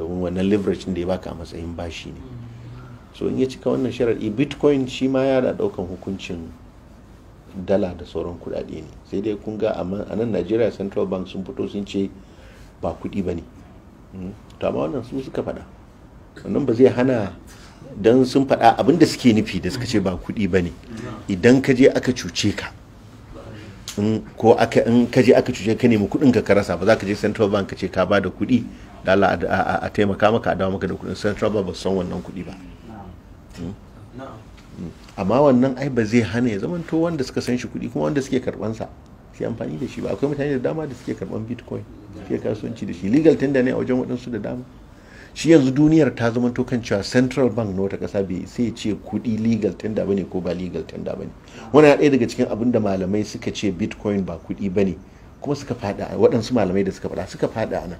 domin wannan leverage da ya baka a matsayin bashi ne so in ya cika wannan sharaɗi bitcoin shi ma ya da ɗaukan hukuncin dala da sauran kuɗaɗe ne sai dai kun ga a nan najeriya central bank sun fito sun ce ba kuɗi ba ne hmm? to amma wannan su suka faɗa wannan ba zai hana don sun faɗa abin da suke nufi da suka ce ba kuɗi ba ne idan ka je aka cuce ka in ko aka in ka je aka cuce ka nemi kuɗin ka rasa ba za ka je central bank ka ce ka ba da kuɗi da Allah a taimaka maka a dawo maka da kudin central bank ba san wannan kuɗi ba hmm. amma wannan ai ba zai hana ya zaman to wanda suka san shi kuɗi kuma wanda suke karban sa sai amfani da shi ba akwai mutane da dama da suke karban bitcoin suke kasuwanci da shi legal tender ne a wajen waɗansu da dama shi yanzu duniyar ta zama to kan cewa central bank na wata kasa bai sai ya ce kudi legal tender bane ko ba legal tender bane ya ɗaya daga cikin abin da malamai suka ce bitcoin ba kudi bane kuma suka fada waɗansu malamai da suka fada suka fada nan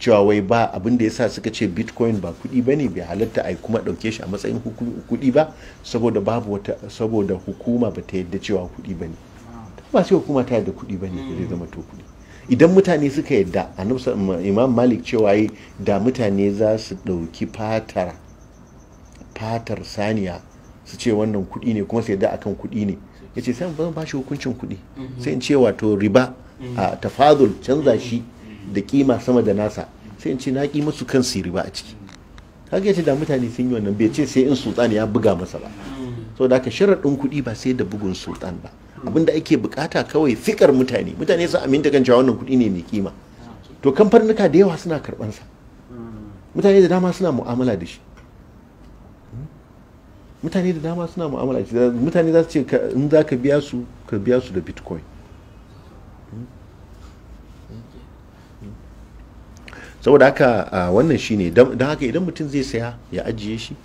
cewa wai ba abin da yasa suka ce bitcoin ba kudi bane bai halatta ai kuma ɗauke shi a matsayin kudi ba saboda babu wata saboda hukuma ba ta yadda cewa kudi bane ba sai hukuma ta yadda kudi bane zai zama to kudi idan mutane suka yadda imam malik cewa yi da mutane za su ɗauki fatar saniya su ce wannan kuɗi ne kuma su yadda akan kuɗi ne ya ce sai ba shi hukuncin kuɗi mm-hmm. sai in ce wato riba a mm-hmm. tafadul canza shi mm-hmm. da kima sama da nasa sai in ce na ƙi su kan su riba a ciki kaga ya ce da mutane sun yi wannan bai ce sai in sultan ya buga masa ba saboda haka sharaɗin kuɗi ba sai da bugun sultan ba abinda ake bukata kawai fikar mutane mutane sun aminta kan cewa wannan kuɗi ne mai kima to kamfanuka da yawa suna karɓan sa mutane da dama suna mu'amala da shi mutane da dama suna mu'amala da shi mutane za su ce in za ka biya su ka biya su da bitcoin saboda haka wannan ne don haka idan mutum zai saya ya ajiye shi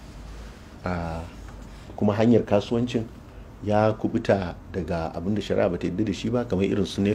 kuma hanyar kasuwancin ya kubuta daga abin da shari'a ba ta yadda da shi ba kamar irin su ne